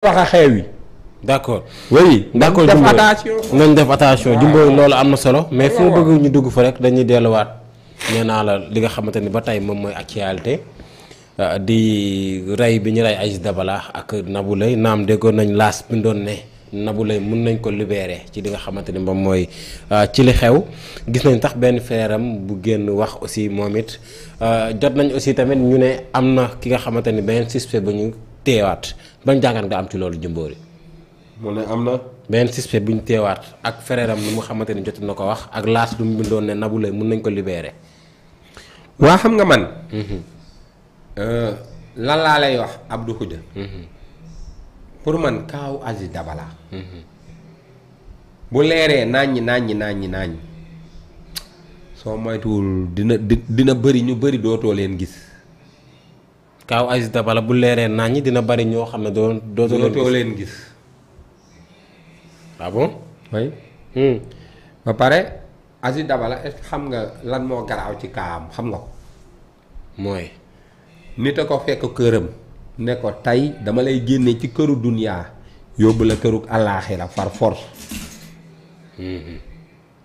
wax a xeew yi d' accord oui d' accord nañ def attention jumbo loolu am na solo mais foo mu bëgg ñu dugg fa rek dañuy delluwaat nee naa la li nga xamante ni ba tey moom mooy actualité ah, di rey bi ñu rey Aziz Dabala ak nabu lay naam déggoon nañu laas bi doon ne Nabou Leye mën nañ ko libeere ci li nga xamante ni moom mooy ah, ci li xew gis nañ tax benn feeram bu génn wax aussi moom it ah, jot nañ aussi tamit ñu ne am na ki nga xamante ni beneen suspect ba ñu teewaat ban jàngat nga am ci loolu Jëmboori. mu ne am na. benn suspect bu ñu teewaat ak frère am lu mu xamante ni jot na ko wax ak laas lu mu bindoon ne Nabou Leye mun nañ ko libeere waa xam nga man. Mhm. Euh, lan laa lay wax Abdou Khoudia. Mhm. pour man kaaw Aziz Dabala. Mhm. bu leeree nàññi nàññi nàññi naññi. soo moytuwul dina dina bëri ñu bari dootoo leen gis. kaaw Aziz Dabala bu leeree ñi dina bari ñoo xam ne doo dootoo leen gis ah bon hmm. ba pare Aziz Dabala est xam nga lan moo garaaw ci kaam xam nga ko mooy nit a ko fekk këram ne ko tey dama lay génne ci këru duniyaa yóbbu la këru àllaaxira far force hmm.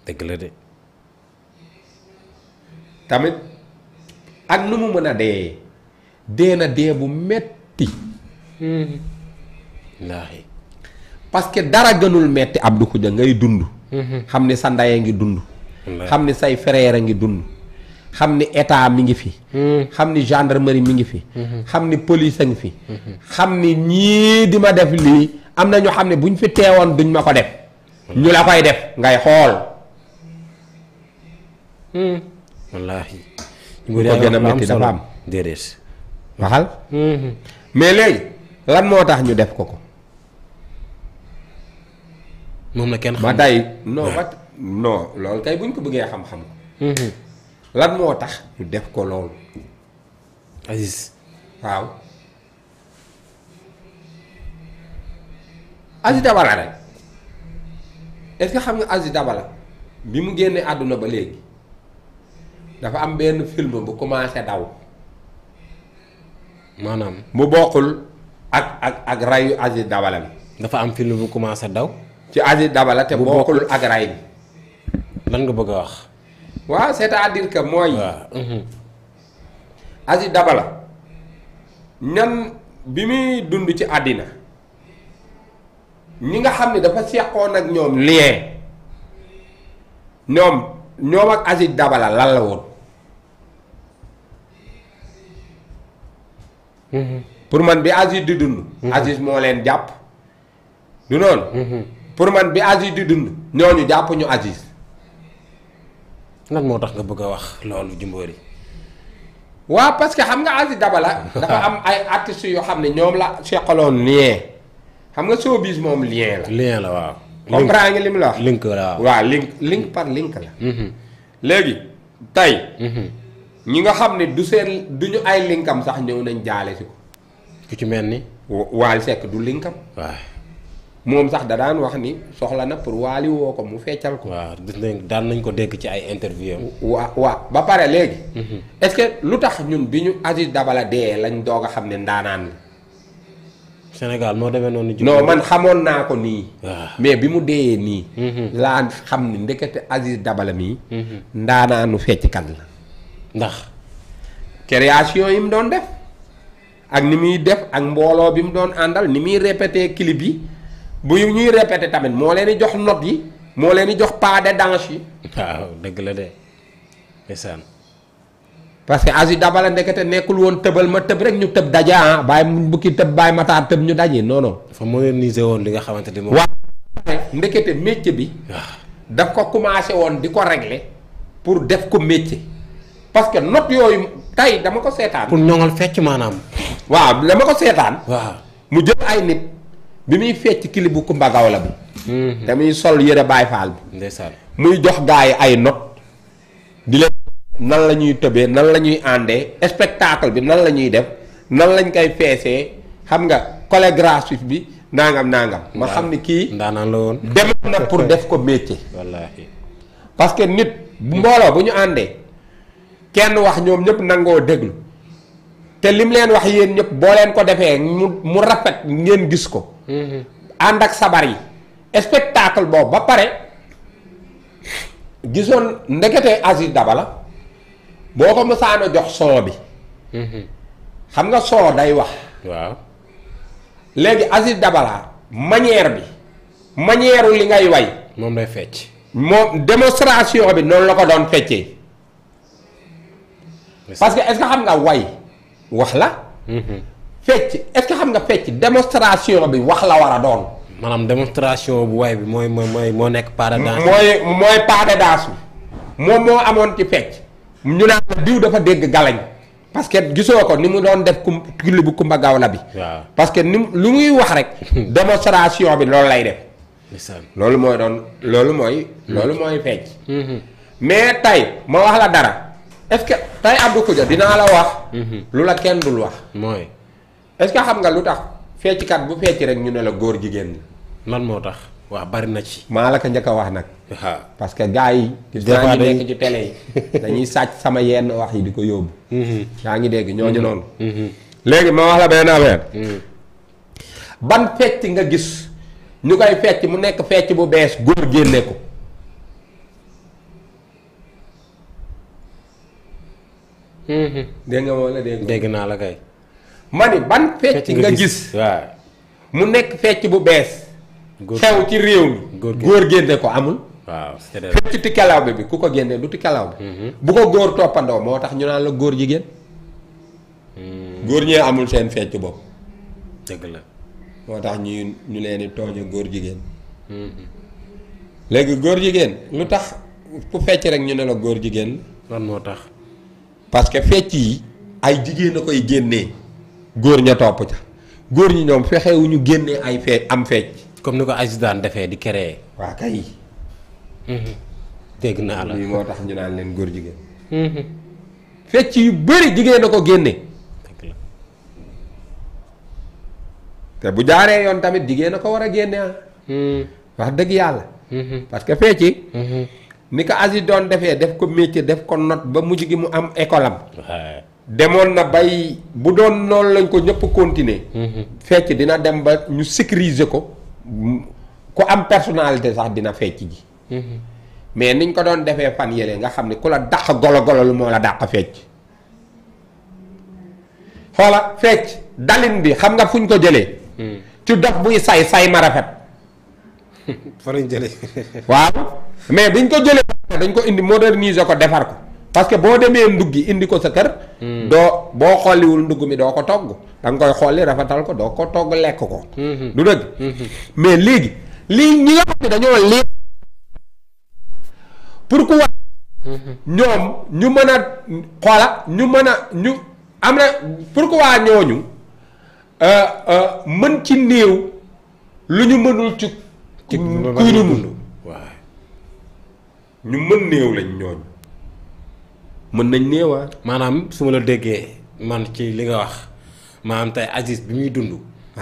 dëgg la de tamit ak nu mu mën a dee dee na dee bu metti hmm. wallaahi parce que dara gënul metti Abdou Khoudia ngay dund hmm. xam ni sa ndey a ngi dund xam ni say frère a ngi dund xam ni état mi ngi fi hmm. xam ni gendarmerie mi ngi fi xam ni police a ngi fi xam ni ñii di ma def lii am na ñoo xam ne buñ fi teewoon duñ ma ko def ñu la koy def ngay xool wallaahi ñu ko gën a metti dafa am waxal. Mm-hmm. mais léegi lan moo tax ñu def ko ko. moom na kenn xam ma tey non non loolu kay buñ ko bëggee xam-xam ko. Mm-hmm. lan moo tax ñu def ko loolu. Aziz waaw. Aziz Dabala rek est-ce que xam nga Aziz Dabala bi mu génnee àdduna ba léegi dafa am benn film bu commencé daw. maanaam mu boqul ak ak ak rayu Aziz Dabala bi. dafa am film bu commencé daw. ci Aziz Dabala te bokkul ak ray bi. lan nga bëgg a wax. waaw c'est-à-dire que mooy. waaw. Mhm. Dabala ñan bi muy dund ci àddina ñi nga xam ni dafa seqoon ak ñoom lien ñoom ñoom ak Aziz Dabala lan la woon. pour man bi Aziz di dund. Aziz moo leen jàpp. du pour man bi Aziz di dund ñooñu jàpp ñu Aziz. nan moo tax nga bëgg a wax loolu Jimbori. waaw parce que xam nga Aziz Dabala. dafa am ay artistes yoo xam ne ñoom la seqaloon lien. xam nga showbiz moom lien la. lien la waaw. comprend nga li mu la wax link link par link la. léegi tey. ñi nga xam ne du seen du ñu ay linkam sax ñëw nañ jaale si ko. ku ci mel ni. waal sekk du linkam. waaw moom sax da daan wax ni soxla na pour waali woo ko mu feccal ko. waaw gis nañ daan nañ ko dégg ci ay interview waa waaw ba pare léegi. Mhm. est-ce que lu tax ñun bi ñu Aziz Dabala dee lañ doog a xam ne ndaanaan la. Sénégal moo demee noonu. non man xamoon naa ko nii. mais bi mu dee nii. Mhm. laa xam ne ndekete Aziz Dabala mii. Mhm. ndaanaanu fecckat la. ndax création yi mu doon def ak ni muy def ak mbooloo bi mu doon àndal ni muy répété clip yi bu ñuy répété tamit moo leen di jox not yi moo leen di jox pas de danse yi. parce que Aziz Dabala ndekete nekkul woon tëbal ma tëb rek ñu tëb daje ah bàyyi mu bukki tëb bàyyi ma tëb ñu daje non non. dafa moderniser woon li nga xamante ni moom. waaw ndekete métier bi. Ah. daf ko commencé woon di ko régler pour def ko métier. parce que note yooyu tey dama ko seetaan. pour ñoŋal fecc maanaam. waaw dama ko seetaan. mu jël ay nit bi muy fecc kili bu Kumba Gawla bi. te mhm. muy sol yëre Baay Faal bi. muy jox gars yi ay note di leen nan la ñuy tëbee nan la ñuy àndee spectacle bi nan la ñuy def nan lañ koy feesee xam nga chorégraphie bi nangam nangam. ma xam ni kii. ndaanaan la na pour def ko métier. wallaahi parce que nit. mbooloo bu ñu àndee. kenn wax ñoom ñëpp nangoo déglu te li lim leen wax yéen ñëpp boo leen ko defee mu mu rafet ngeen gis ko. Mm-hmm. ànd ak sabar yi. spectacle boobu ba pare gisoon ndekete Aziz Dabala boo ko mësaana jox son bi. Mm-hmm. xam nga son day wax. waaw léegi Aziz Dabala manière bi manière li ngay way. moom lay fecc. moom démonstration bi noonu la ko doon feccee. parce que est-ce que xam nga way wax la. Mhm. fecc est-ce que xam nga fecc démonstration bi wax la war a doon. maanaam démonstration bu way bi mooy mooy mooy moo nekk pas de danse. mooy mooy pas moom moo amoon ci fecc. ñu naan diw dafa dégg galañ. parce que gisoo ko ni mu doon def kum killi bu kumba gaaw la bi. parce que ni lu muy wax rek. démonstration bi loolu lay def. loolu mooy doon loolu mooy. loolu mooy fecc. Mhm. mais tey ma wax la dara. est-ce que tey Abdou Koudia dinaa la wax. Mhm. lu la kenn dul wax. mooy est xam nga lu tax fecckat bu fecc rek ñu ne la góor jigéen la. man moo tax waaw bari na ci. maa la ko njëkk wax nag. waaw parce que gars yi. yaa ngi nekk dañuy sàcc sama yenn wax yi di ko yóbbu. Mhm. yaa ngi dégg ñooñu mhm. noonu. léegi ma wax la benn affaire. ban fecc nga gis ñu koy fecc mu nekk fecc bu bees góor génne ko. dégg nga wala dégg naa la kay. ma ni ban fecc nga gis waaw mu nekk fecc bu bees. xew ci réew mi. góor génne ko amul. waaw fecc ti kelaw bi ku ko génne du ti kelaw mhm. bu ko góor toppandoo moo tax ñu naan la góor jigéen. Mhm. góor ñee amul seen fecc bopp. dëgg la. moo tax ñu ñu leen di tooñe góor jigéen. Mhm. léegi góor jigéen lu tax ku fecc rek ñu ne la góor jigéen. lan moo tax. parce que fecc yi ay jigéen a koy génne góor ña topp ca góor ñi ñoom fexewuñu génnee ay fecc am fecc comme ni ko Aziz daan defee di créer waa kay mhm. dégg naa la lii moo tax ñu naan leen góor jigéen mhm. fecc yu bëri jigéen a ko génne te bu jaaree yoon tamit jigéen a ko war a génne ah. mhm. wax dëgg yàlla parce que fecc ni ko asi doon defee def ko métier def ko note ba mujj gi mu am école am demoon na bay bu doon noonu lañ ko ñëpp continuer fecc dina dem ba ñu sécuriser ko ku am personnalité sax dina fecc ji mais niñ ko doon defee fan yële nga xam ne ku la dàq golo golo lu moo la dàq fecc xoola fecc dalin bi xam nga fuñ ko jëlee hmm. ci dox buy say say ma rafet fa lañ jëlee waaw mais dañ ko jëlee dañ ko indi moderniser ko defar ko parce que boo demee ndugg indi ko sa kër. Hmm. doo boo xooliwul ndugg mi doo ko togg da nga koy xooli rafetal ko doo ko togg lekk ko. Hmm. du dëgg. Hmm. mais léegi lii ñi nga xam ne dañoo lii pour ku wax. ñoom ñu mën a xoola ñu mën a ñu am na pourquoi ñooñu euh, euh, mën ci néew lu ñu mënul ci. ci kuy ñu mën néew lañ ñooñ mën nañ néewaa maanaam su ma la déggee man ci li nga wax maanaam tey Aziz bi muy dund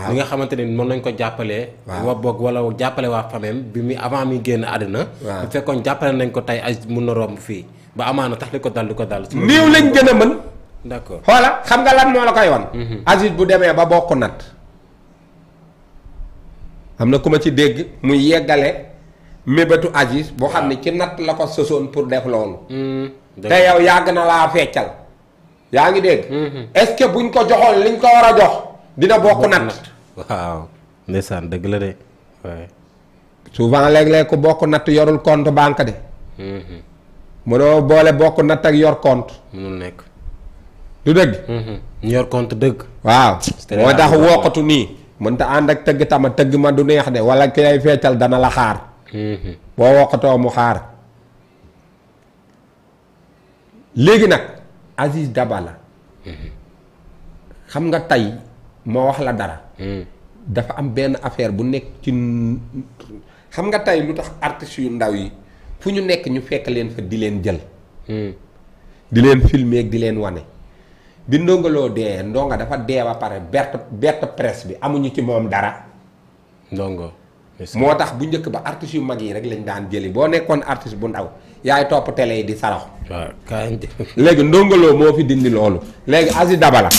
li nga xamante ni mën nañ ko jàppale waa boog wala jàppale waa famem bi muy avant muy génn àddina bu fekkoon jàppale nañ ko tey Aziz mun na romb fii ba amaan amaana tax li ko dal li ko dàll néew lañ gën a mën d'accord xoola xam nga lan moo la koy wan mhm. Aziz bu demee ba bokk nat am na ku ma ci dégg mu yeggale mébétu Aziz boo xam ne ci natt la ko sosoon pour def loolu. Mm. te yow yàgg na laa feccal. yaa ngi dégg. Mm-hmm. est-ce que buñ ko joxoon liñ ko war a jox. dina bokk natt waaw. ndeysaan dëgg la de waaye. souvent léeg-léeg ku bokk natt yorul compte banque de. Mm-hmm. mënoo boole bokk natt ak yor compte. nekk. du dëgg. Mm-hmm. ñu yor compte dëgg. waaw moo tax wokkatu nii. mënta ànd ak tëgg tama tëgg ma du neex de wala ki lay feccal dana la xaar. boo woqatoo mu xaar léegi nag Aziz Dabala xam nga tey moo wax la dara dafa am benn affaire bu nekk ci xam nga tey lu tax artistes yu ndaw yi fu ñu nekk ñu fekk leen fa di leen jël di leen filmer di leen wane bi ndongoloo dee ndongo dafa dee a pare berte berte presse bi amuñu ci moom dara ndongo moo tax bu njëkk ba artistes yu mag yi rek lañ daan jëli boo nekkoon artiste bu ndaw yaay topp télé yi di sarax léegi ndongoloo moo fi dindi loolu léegi Aziz Dabala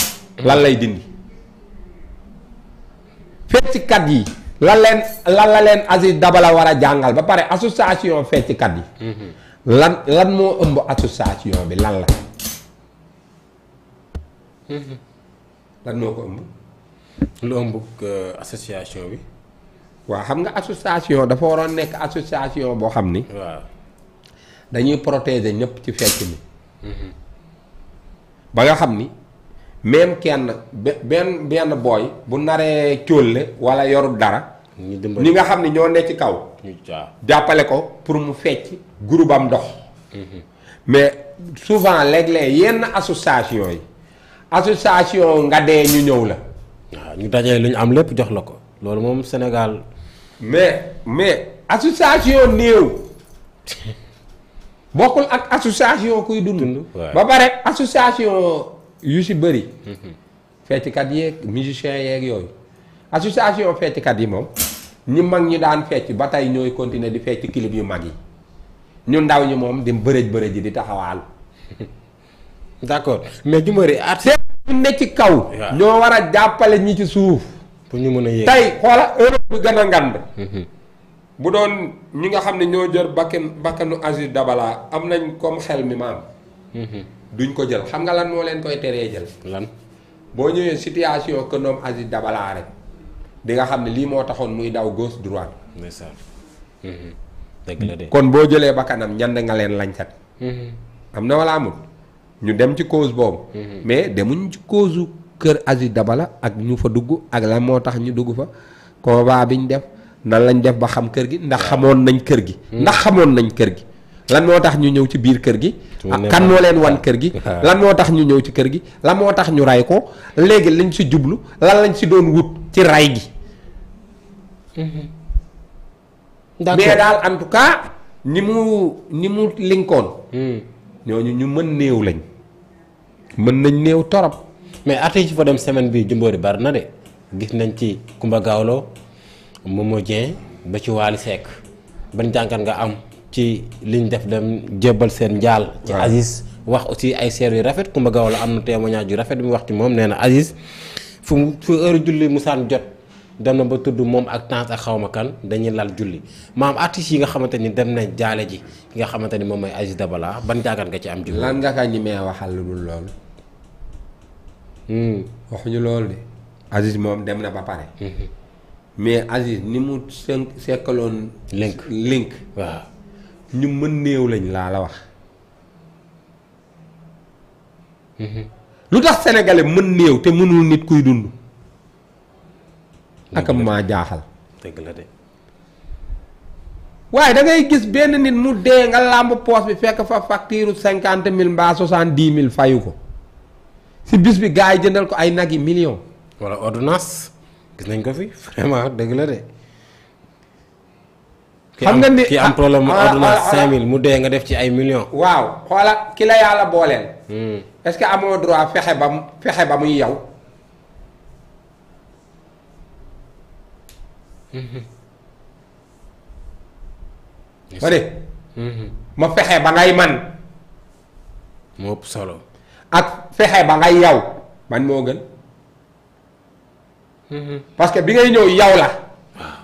lan lay dindi fecckat yi lan leen lan la leen Aziz Dabala war a jàngal ba pare association fecckat mm-hmm. lan lan moo ëmb association bi lan la mm-hmm. lan moo ko ëmb lu ëmb euh, association bi waaw xam nga association dafa waroon nekk association boo xam ni. waaw dañuy protéger ñëpp ci fecc mi. Mhm. ba nga xam ni même kenn benn benn booy bu naree cóolle wala yorul dara. ñi nga xam ne ñoo ne ci kaw. jàppale ko pour mu fecc groupe am dox. Mhm. mais souvent léeg yenn association yi association nga dee ñu ñëw la. waaw ñu dajee lu am lépp jox la ko loolu moom Sénégal. mais mais association néew bokkul ak association kuy dund. ba pare association yu si bëri. Mhm. fecckat yeeg musiciens yeeg yooyu association fecckat yi moom ñi mag ñi daan fecc ba tey ñooy continuer di fecc clip yu mag yi ñu ndaw ñi moom di bërëj bërëj ji di taxawaal. d'accord mais Jumbori artiste. ñu ne ci kaw. ñoo war a jàppale ñi ci suuf. pour ñu mën a yéeg tey xoola Europe bi gën a ngand mhm. bu doon ñi nga xam ne ñoo jël bakkan bakkanu Aziz Dabala am nañ comme xel mi maam mhm. duñ ko jël xam nga lan moo leen koy teree jël lan boo ñëwee situation que noom Aziz Dabala rek di nga xam ne lii moo taxoon muy daw gauche droite mhm. dëgg la kon boo jëlee bakkanam ñand nga leen lañcat am na wala amul ñu dem ci cause boobu mais demuñ ci cause kër Aziz Dabala ak ñu fa dugg ak lan moo tax ñu dugg fa combat bi ñu def nan lañ def ba xam kër gi ndax xamoon nañ kër gi hmm. ndax xamoon nañ kër gi lan moo tax ñu ñëw ci biir kër gi ak ah, kan moo leen wan kër gi ah. lan moo tax ñu ñëw ci kër gi lan moo tax ñu ray ko léegi lañ si jublu lan lañ si doon wut ci ray gi mm-hmm. mais daal en tout cas ni mu ni mu linkoon hmm. ñooñu ñu mën néew lañ mën nañ néew torop mais artistes yi fa dem semaine bi Jumbori bari na de gis nañ ci Kumba Gawlo Momo Dieng ba ci Waly Seck ban jànkat nga am ci liñ def dem jébbal seen njaal. ci Aziz wax aussi ay seer yu rafet Kumba Gawlo am na témoignage yu rafet bi mu wax ci moom nee na Aziz fu mu fu heure julli musaan jot. dem na ba tudd moom ak temps ak xawma kan dañuy lal julli maam artistes yi nga xamante ni dem nañ jaale ji ki nga xamante ni moom mooy Aziz Dabala ban jàngat nga ci am. julli lan nga kañ loolu. Hmm. waxuñu loolu de Aziz moom dem na ba pare hmm. mais Aziz ni mu sen sekkaloon link link waaw ñu mën néew lañ laa la wax hmm. lu tax sénégalais mën néew te mënul nit kuy dund akam ma jaaxal dëgg la de waaye da ngay gis benn nit mu dee nga làmb poos bi fekk fa facture cinquante mille mbaa soixante di mille fayu ko si bis bi gars yi jëndal ko ay nag yi millions. wala ordonnance gis nañ ko fi vraiment dëgg la de. xam nga ni ki am ah, problème mu ah, ah, ordonnance 5000 mu dee nga def ci ay millions. waaw xoola ki la yàlla booleel. Hmm. est-ce que amoo droit fexe ba mu muy yow. Hmm. ma fexe ba ngay man moo ëpp solo. ak fexe ba nga yow man moo gën mm-hmm. parce que bi ngay ñëw yow la ah.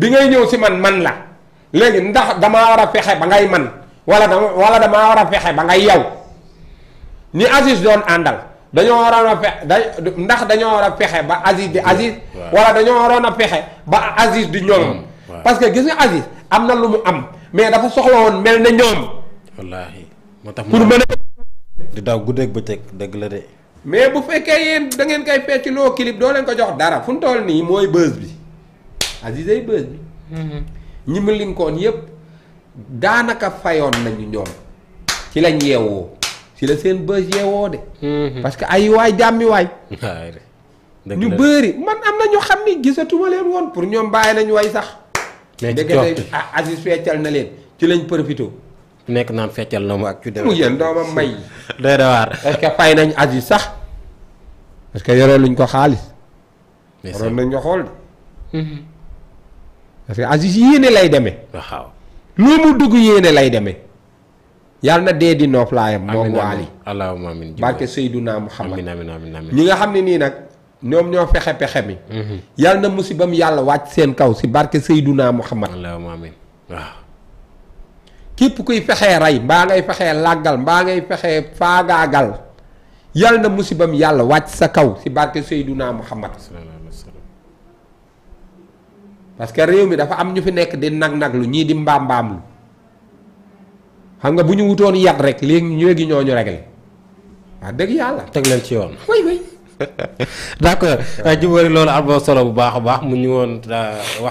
bi ngay ñëw si man man la léegi ndax damaa war a fexe ba ngay man wala dama wala damaa war a fexe ba ngay yow ni Aziz doon àndal dañoo waroon a fexe dañoo war a ba Aziz di Aziz wala dañoo waroon a fexe ba Aziz di ñoom mm, parce que gis nga Aziz am na lu mu am mais dafa soxla woon mel na ñoom wallaahi di daw guddeeg bëccëg dëgg la de. mais bu fekkee yéen da ngeen koy fecc loo clip doo leen ko jox dara fu mu nii mooy buzz bi Aziz ay bi. Mhm. ñi mu yëpp daanaka fayoon nañu njoom ci lañ yeewoo ci la seen buzz yeewoo de. Mhm. parce que ay waay jàmmi waay. ñu bëri man am na ñu xam ni gisatuma leen woon pour ñoom bàyyi nañu way sax. mais ci ah Aziz na leen ci lañ profité. nekk naan feccal na ak. ci demee yéen doo ma may. doy na que fay nañ aji sax parce que yore luñ ko xaalis. waroon nañ ko xool. Mhm. parce que Aziz yéene lay demee. mu dugg yéene lay deme yàlla na dee di noflaayam. moom waali allahumma amiin barke Seyduna Muhammad ñi nga xam ne nii nag ñoom ñoo fexe pexe mi. Mhm. yàlla na musibam yàlla wàcc seen kaw si barke Seyduna Muhammad allahumma amiin waaw. képp kuy fexee rey mbaa ngay fexee làggal mbaa ngay fexee faagaagal yal na musibam yàlla wàcc sa kaw si barke Seyduna Muhammad parce que réew mi dafa am ñu fi nekk di nag-nag lu ñii di mbaam mbaam lu xam nga bu ñu wutoon yat rek léegi ñu ñoo ñu réglé wax dëgg yàlla. teg leen ci yoon. way way d' accord. jubóori loolu am solo bu baax a baax mu ñu woon euh, wax.